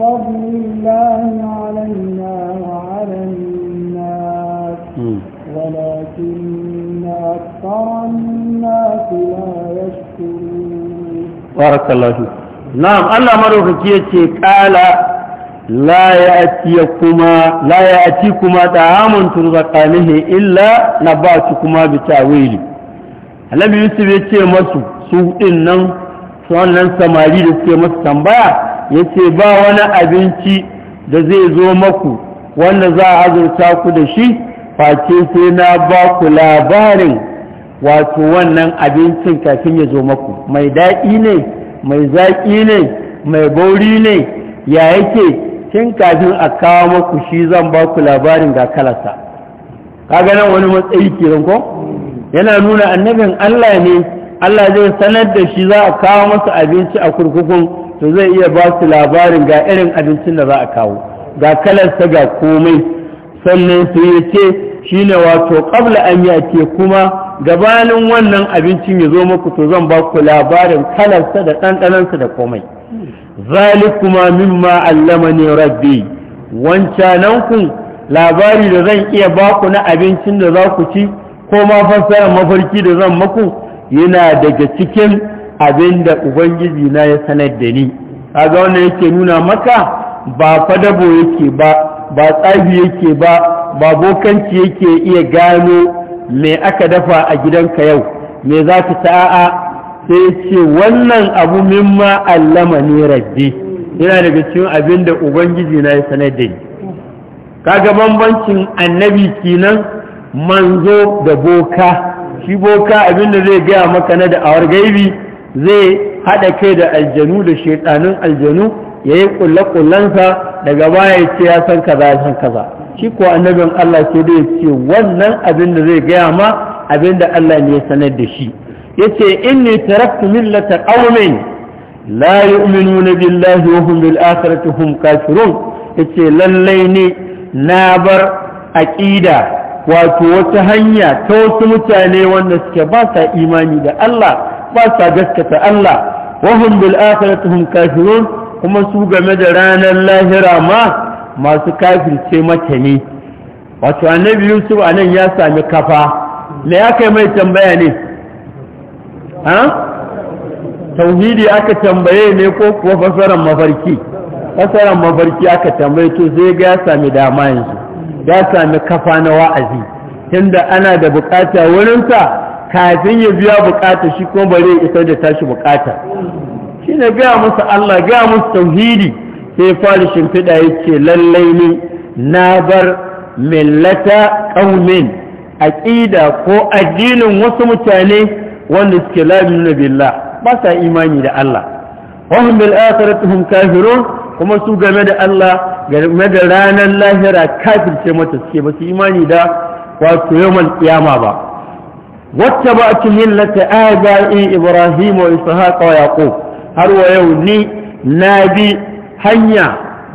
فضل الله علينا وعلى الناس ولكن أكثر الناس لا يشكرون
بارك الله فيك نعم الله مروفك يتي قال la ya ati kuma ta'amun turzaqanihi illa na ba ci kuma bi tawili annabi yusuf ya ce masu su din nan wannan samari da suke masu tambaya ya ce ba wani abinci da zai zo maku wanda za a azurta ku da shi face sai na baku labarin wato wannan abincin kafin ya zo maku mai daɗi ne mai zaƙi ne mai bauri ne ya yake tun kafin a kawo maku shi zan ba ku labarin ga kalarsa kaga nan wani matsayi ke ko yana nuna annabin Allah ne Allah zai sanar da shi za a kawo masa abinci a kurkukun to zai iya ba su labarin ga irin abincin da za a kawo ga kalarsa ga komai sannan su ya ce shi ne wato ƙabla an yi ake kuma gabanin wannan abincin ya zo maku to zan ba ku labarin kalarsa da ɗanɗanansa da komai zalikuma mimma allamani rabbi wancanan ku labari da zan iya baku na abincin da za ku ci ko ma fassara mafarki da zan maku yana daga cikin abin da ubangiji na ya sanar da ni kaga wannan yake nuna maka ba fadabo yake ba ba tsafi yake ba ba bokanci yake iya gano me aka dafa a gidanka yau me za ka ta'a sai ce wannan abu mimma allama ne rabbi yana daga cikin abin da ubangiji na ya sanar da ni kaga bambancin annabi kenan manzo da boka shi boka abin da zai gaya maka na da awar gaibi zai haɗa kai da aljanu da shaitanin aljanu ya yi ƙulle daga baya ce ya san kaza san kaza shi ko annabin Allah sai dai ce wannan abin da zai gaya ma abin da Allah ne ya sanar da shi yace inni taraktu millata qaumin la yu'minuna billahi wa hum bil akhirati hum kafirun yace lallai ne na bar aqida wato wata hanya ta wasu mutane wanda suke ba sa imani da Allah ba sa gaskata Allah wa hum bil akhirati hum kafirun kuma su game da ranar lahira ma masu kafirce mata ne wato annabi Yusuf anan ya sami kafa me ya kai mai tambaya ne ha tauhidi aka tambaye ne ko kuwa fasaran mafarki fasaran mafarki aka tambaye to zai ga ya sami dama yanzu ya sami kafa na wa'azi tunda ana da bukata wurinsa kafin ya biya bukata shi ko bare ya isar da tashi bukata shi ne gaya musu Allah gaya musu tauhidi sai fara shimfiɗa ya ce lallai ne na bar millata ƙaumin aƙida ko addinin wasu mutane wanda suke lamina billah ba sa imani da Allah wahum bil akhiratuhum kafirun kuma su game da Allah game da ranar lahira kafirce mata suke ba su imani da wato yawan kiyama ba wacce ba a cikin abai ibrahim wa ishaq wa yaqub har wa yau ni na bi hanya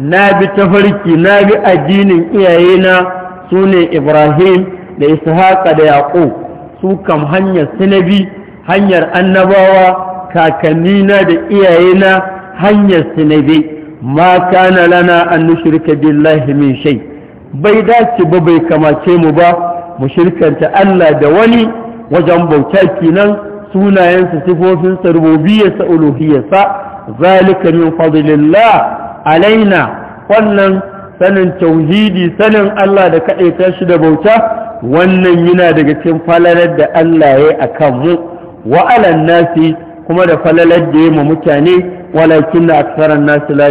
na bi tafarki na bi addinin iyayena sune ibrahim da ishaq da yaqub su kam hanya sanabi hanyar annabawa kakannina da iyayena hanyar su maka na ma kana lana an nushrika billahi min shai bai dace ba bai kamace mu ba mu shirkanta Allah da wani wajen bauta kenan sunayensa sifofinsa rububiyarsa uluhiyarsa zalika min fadlillah alaina wannan sanin tauhidi sanin Allah da kaɗaita shi da bauta wannan yana daga cikin falalar da Allah ya yi a kan mu wa alan nasi kuma da falalar da yamma mutane walakin na aksaran nasi la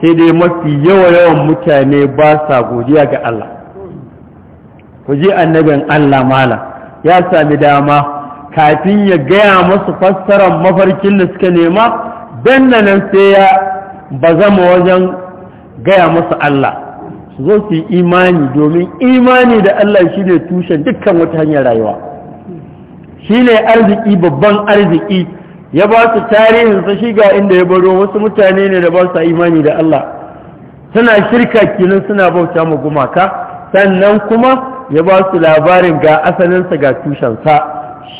sai dai mafi yawa yawan mutane ba sa godiya ga Allah ku ji annabin Allah malam ya sami dama kafin ya gaya masu fassarar mafarkin da suka nema dan nan sai ya ba zama wajen gaya masu Allah su zo su yi imani domin imani da Allah shi ne tushen dukkan wata hanyar rayuwa Shi ne arziki babban arziki ya ba su tarihin sa shi ga inda ya baro wasu mutane ne da ba su imani da Allah suna shirka kinin suna bauta mu gumaka sannan kuma ya ba su labarin ga asalinsa ga tushensa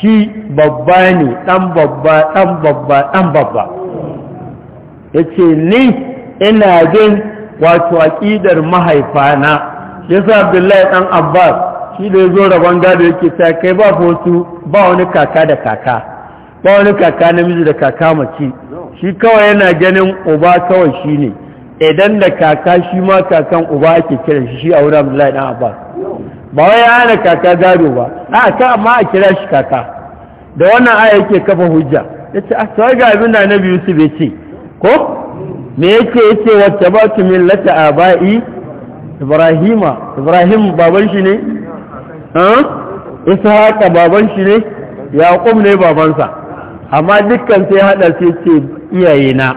shi babba ne ɗan babba ɗan babba ɗan babba ya ni ina jin wato aƙidar mahaifana ya abdullahi ɗan abbas shi da ya zo rabon gado yake ta kai ba fosu ba wani kaka da kaka ba wani kaka namiji da kaka mace shi kawai yana ganin uba kawai shi ne idan da kaka shi ma kakan uba ake kira shi shi a wurin abdullahi dan abba ba wai ya hana kaka gado ba a ka amma a kira shi kaka da wannan aya yake kafa hujja ce a sai ga abin da annabi yusuf ya ce ko me yake yace wacce ba tu millata abai ibrahima ibrahim baban shi ne isa haka baban shi ne yaqub ne babansa amma dukkan sai haɗa sai ce iyaye na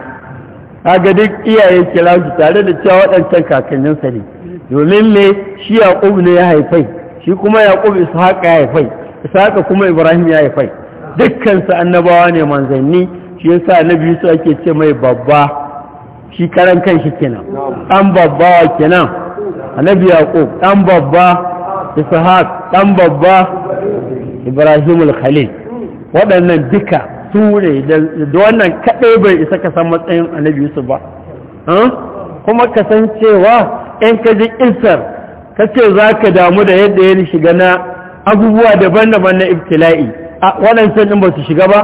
kaga duk iyaye kira su tare da cewa waɗancan kakanninsa ne domin me shi yaqub ne ya haifai shi kuma isa haka ya haifai isa haka kuma ibrahim ya haifai dukkan annabawa ne manzanni shi ya na biyu su ake ce mai babba shi karan shi kenan an babba kenan annabi ko. ɗan babba ishaq ɗan babba ibrahim al-khalil waɗannan duka su da wannan kaɗai bai isa ka san matsayin annabi yusuf ba kuma ka san cewa in ka ji isar ka ce za ka damu da yadda ya shiga na abubuwa daban-daban na ibtila'i a waɗancan ɗin ba su shiga ba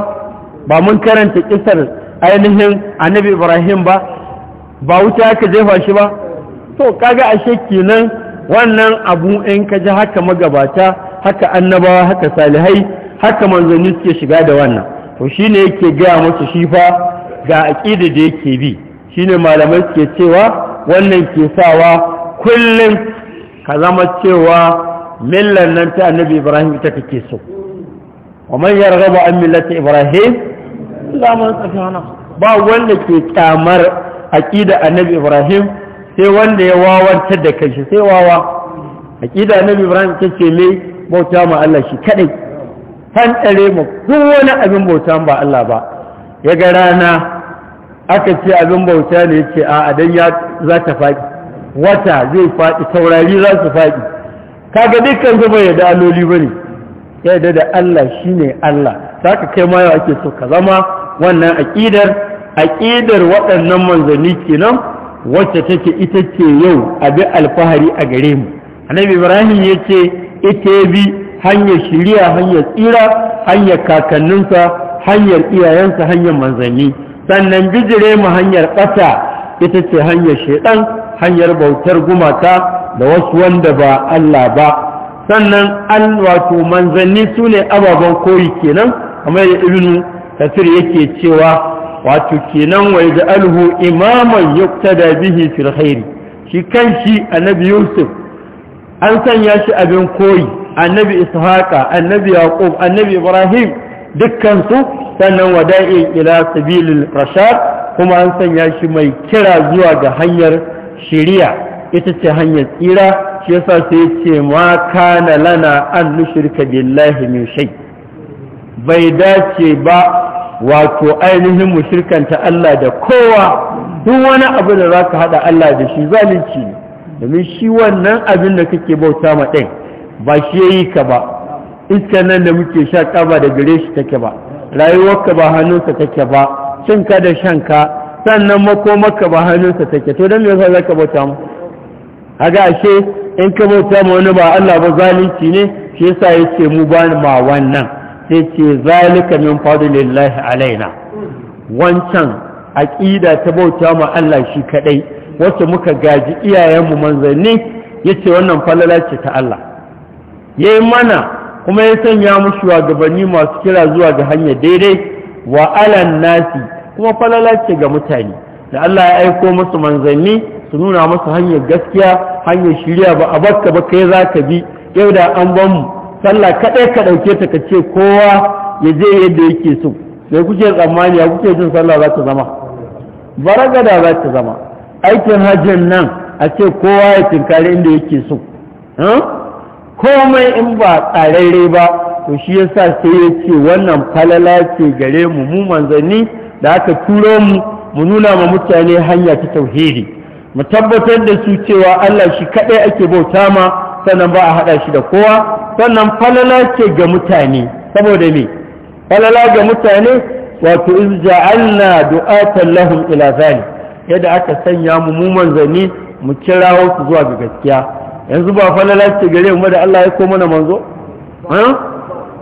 ba mun karanta kisar ainihin annabi ibrahim ba ba wuta ka jefa shi ba to kaga ashe kenan wannan abu in ka ji haka magabata haka annabawa haka salihai haka manzanni suke shiga da wannan to shine yake gaya musu shifa ga aqida da yake bi shine malamai suke cewa wannan ke sawa kullum ka zama cewa millan nan ta annabi ibrahim ita kake so wa man yarghabu an millati ibrahim
la man safiha
ba wanda ke kamar aqida annabi ibrahim sai wanda ya wawantar da kanshi sai wawa aqida na ibrahim tace mai bauta ma Allah shi kadai san mu duk wani abin bauta ba Allah ba ya ga rana aka ce abin bauta ne yace a adan ya za ta faɗi wata zai faɗi taurari za su faɗi kaga dukkan zuba ya da aloli bane ya da Allah shine Allah saka kai ma yau ake so ka zama wannan aqidar aqidar waɗannan manzanni kenan wacce take ita ce yau abi alfahari a gare mu annabi ibrahim ya ce ita bi hanyar shiriya hanyar tsira hanyar kakanninsa hanyar iyayensa hanyar manzanni sannan bijire mu hanyar ƙasa ita ce hanyar shaiɗan, hanyar bautar gumaka da wasu wanda ba Allah ba sannan an wato manzanni su ne ababen koyi kenan kamar da ibnu kasir yake cewa wato kenan wa alhu imaman yuktada bihi fil khair shi kan shi annabi yusuf an sanya shi abin koyi annabi ishaqa annabi yaqub annabi ibrahim dukkan su sannan wada'i ila sabilil rashad kuma an sanya shi mai kira zuwa ga hanyar shiriya ita ce hanyar tsira shi yasa sai ya ce ma kana lana an nushrika billahi min shay bai dace ba wato ainihin mushirkanta Allah da kowa duk wani abu da za ka haɗa Allah da shi zalunci ne domin shi wannan abin da kake bauta ma ɗin ba shi ya yi ka ba iska nan da muke sha ƙaba da gare shi take ba rayuwarka ba hannunsa take ba cinka da shanka sannan makomarka ba hannunsa take to don me yasa za ka bauta mu haga ashe in ka bauta ma wani ba Allah ba zalunci ne shi yasa yake mu ba ma wannan sai ce zalika min fadlillahi alaina wancan aqida ta bauta ma Allah shi kadai wacce muka gaji iyayenmu manzanni yace wannan falala ce ta Allah yayi mana kuma ya sanya mu shugabanni masu kira zuwa ga hanya daidai wa alan nasi kuma falala ce ga mutane da Allah ya aiko musu manzanni su nuna musu hanyar gaskiya hanyar shirya ba a bakka ba kai zaka bi yau da an ban mu sallah kaɗai ka ɗauke ta ka ce kowa ya je yadda yake so sai kuke tsammani ya kuke jin sallah za ta zama baragada za ta zama aikin hajjin nan a ce kowa ya tinkari inda yake so komai in ba tsararre ba to shi yasa sai ya ce wannan falala ce gare mu mu manzanni da aka turo mu mu nuna ma mutane hanya ta tauhidi mu tabbatar da su cewa Allah shi kaɗai ake bauta ma sannan ba a haɗa shi da kowa sannan falala ce ga mutane saboda me falala ga mutane wato ja'alna du'atan lahum ila zalik yadda aka sanya mu mu manzani mu kirawo su zuwa ga gaskiya yanzu ba falala ce gare mu da Allah ya ko mana manzo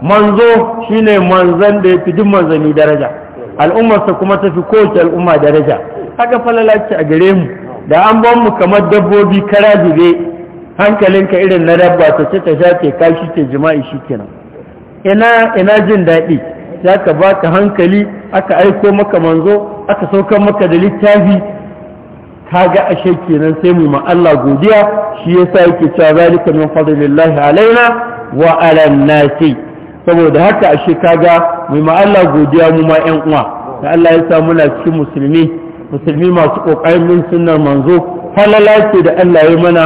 manzo shine manzan da yafi duk manzani daraja ta kuma tafi kowace al'umma daraja haka falala ce a gare mu da an ban mu kamar dabbobi kara hankalinka irin na dabba ta ce ta sha ce kashi ce jima'i shi kenan ina ina jin daɗi za ka ba ka hankali aka aiko maka manzo aka saukar maka da littafi ka ga ashe kenan sai mu ma Allah godiya shi yasa yake cewa zalika min fadlillahi alaina wa ala nasi saboda haka ashe kaga mu ma Allah godiya mu ma ƴan uwa da Allah ya sa muna cikin musulmi musulmi masu kokarin sunnar manzo falala ce da Allah ya mana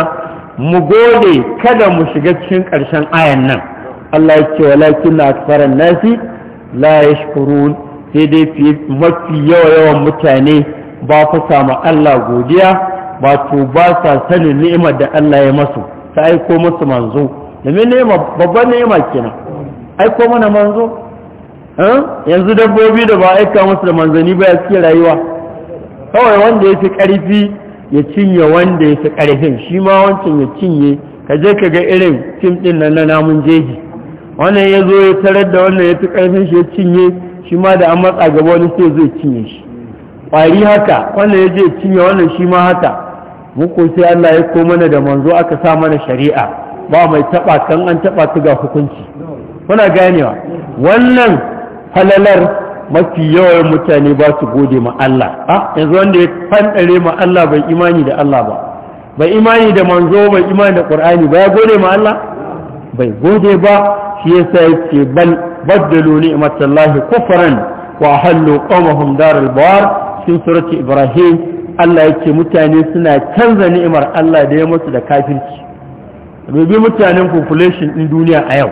mu gode kada mu shiga cikin ƙarshen ayan nan Allah ya ce walakin na aksaran nasi la yashkurun sai dai fiye mafi yawa yawan mutane ba fa samu Allah godiya ba to ba sa sanin ni'imar da Allah ya masu ta aiko musu manzo domin ni'ima babban ni'ima kenan aiko mana manzo yanzu dabbobi da ba aika musu da manzani ba ya suke rayuwa kawai wanda ya fi ƙarfi ya cinye wanda ya fi ƙarfin shi ma wancan ya cinye ka je ka ga irin fim ɗin nan na namun jeji wannan ya zo ya tarar da wannan ya fi ƙarfin shi ya cinye shi ma da an matsa gaba wani sai zai cinye shi ƙwari haka wannan ya je ya cinye wannan shi ma haka muku sai Allah ya ko mana da manzo aka sa mana shari'a ba mai taɓa kan an taɓa su ga hukunci kuna ganewa wannan falalar mafi yawan mutane ba su gode ma Allah ah yanzu wanda ya fandare ma Allah bai imani da Allah ba bai imani da manzo bai imani da Qur'ani ba ya gode ma Allah bai gode ba shi yasa yake bal baddalu ni'matallahi kufran wa halu qawmahum daral bawar cikin surati Ibrahim Allah yake mutane suna canza ni'imar Allah da ya musu da kafirci dubi mutanen population din duniya a yau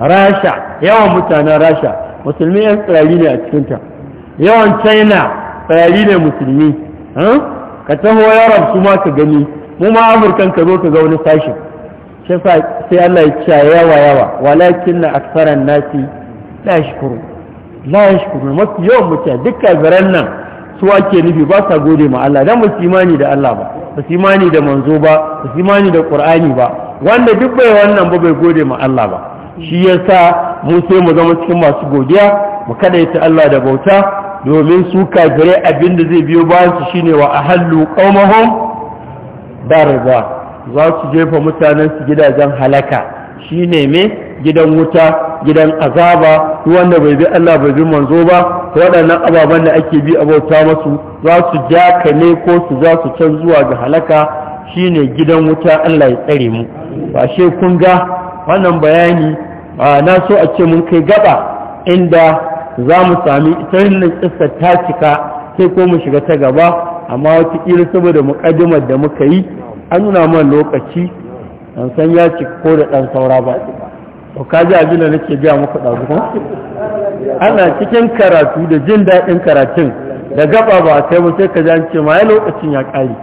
Rasha yawan mutanen Rasha musulmi yan tsirari ne a cikinta yawan china tsirari ne musulmi ka taho yarab su ma ka gani mu ma amurkan ka zo ka ga wani sashi shi sai allah ya ciya yawa yawa walakin na aksaran nasi la shukuru la shukuru mafi yawan mutane dukkan zaren nan su ake nufi ba sa gode ma Allah dan basu imani da Allah ba ba su imani da manzo ba ba su imani da Qur'ani ba wanda duk bai wannan ba bai gode ma Allah ba shi yasa mu sai mu zama cikin masu godiya mu ta Allah da bauta domin su abin abinda zai biyo bayan su shine wa ahallu qaumahum darza za su jefa mutanen su gidajen halaka shine me gidan wuta gidan azaba duk wanda bai bi Allah bai bi manzo ba waɗannan ababen da ake bi a bauta masu za su jakale ko su za su can zuwa ga halaka shine gidan wuta Allah ya tsare mu ba shi kun ga wannan bayani na so a ce mun kai gaba inda za mu sami tarihin ƙisar ta cika sai ko mu shiga ta gaba amma wata ƙira saboda mu muƙaddimar da muka yi an nuna man lokaci an san ya ci ko da ɗan saura ba to ka ji abin da nake biya muku ɗazu ana cikin karatu da jin daɗin karatun da gaba ba kai mu sai ka ji ce ma ya lokacin ya ƙare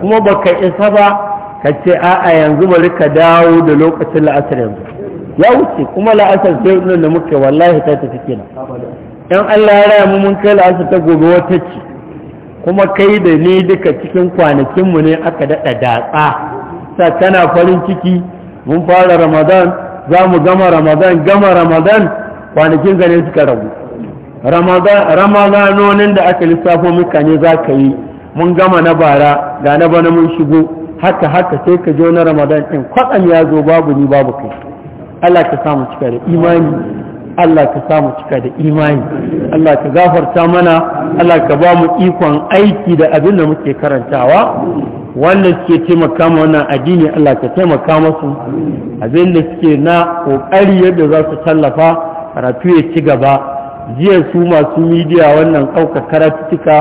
kuma baka isa ba ka ce a'a yanzu bari ka dawo da lokacin la'asar yanzu ya wuce kuma la'asar wani da muka wallahi ta tafi kina yan Allah ya raya mun kai la'asar ta gobe wata ce kuma kai da ni duka cikin kwanakinmu ne aka daɗa datsa sa kana farin ciki mun fara ramadan za mu gama ramadan gama ramadan kwanakin gane suka ragu ramadanonin da aka lissafo muka ne za ka yi mun gama na bara ga na bana mun shigo haka haka sai ka jo na ramadan ɗin kwatsam ya zo babu ni babu kai Allah ka samu cika da imani Allah ka samu cika da imani Allah ka gafarta mana Allah ka ba mu ikon aiki da abin da muke karantawa wanda suke taimaka mana wannan addini Allah ka taimaka musu abin da suke na kokari yadda za su tallafa karatu ya ci gaba jiya su masu midiya wannan ɗaukar karatuka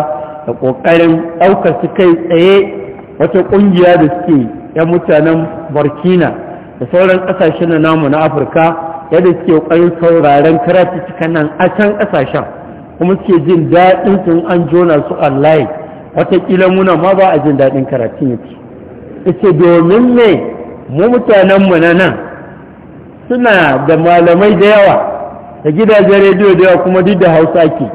da ƙoƙarin ɗaukar su kai tsaye wata ƙungiya da suke 'yan mutanen burkina da sauran ƙasashen na namu na afirka yadda suke ƙwayin sauraren cikin nan a can ƙasashen kuma suke jin daɗin sun an jona su online watakila muna ma ba a jin daɗin karatun yake ita domin ne mu mutanenmu na nan suna da malamai da yawa da gidajen rediyo da yawa kuma duk da hausa ke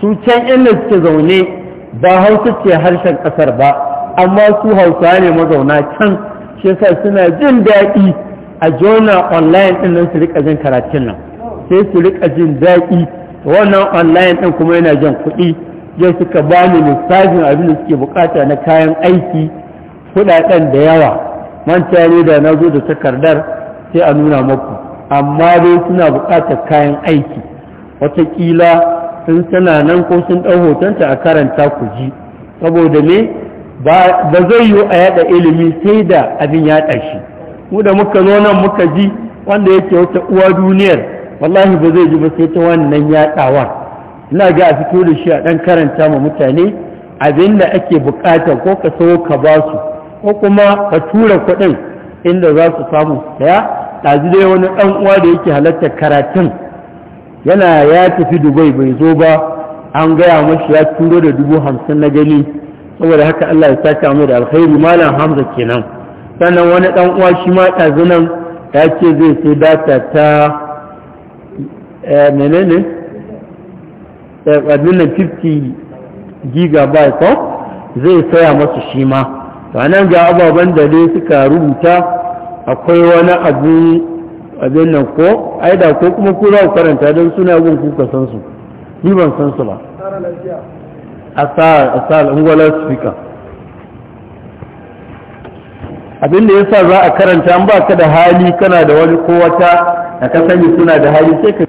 su can inda suke zaune ba hausa ce harshen ƙasar ba amma su hausa ne mazauna can shi suna jin daɗi a jona online din nan su rika jin karatun nan sai su rika jin daɗi wannan online din kuma yana jan kuɗi yau suka ba ni lissafin abin da suke bukata na kayan aiki kuɗaɗen da yawa manta ne da na zo da takardar sai a nuna maku amma dai suna bukatar kayan aiki watakila sun sana nan ko sun ɗau hotonta a karanta ku ji saboda ne ba zai yiwu a yada ilimi sai da abin yaɗa shi mu da muka zo nan muka ji wanda yake wata uwa duniyar wallahi ba zai ji ba sai ta wannan yaɗawa ina ga a fito da shi a ɗan karanta ma mutane abin da ake bukata ko ka sayo ka ba su ko kuma ka tura kuɗin inda za su samu saya ɗazu dai wani ɗan uwa da yake halartar karatun yana ya tafi dubai bai zo ba an gaya mashi ya turo da dubu hamsin na gani saboda haka allah ya saka mai da alkhairi malam hamza kenan sannan wani ɗan uwa shi ma ɗazunan ya ce zai sai data ta eh, menene ɗazunan eh, 50 gigabyte ko zai saya masu shi ma nan ga ababen da dai suka rubuta akwai wani abu abin nan ko aida ko kuma ku za ku karanta don suna gun kuka san su ni ban san su ba a sa al'ungwalar speaker abinda ya sa za a karanta an ba ka da hali kana da wani ko wata da suna da hali sai ka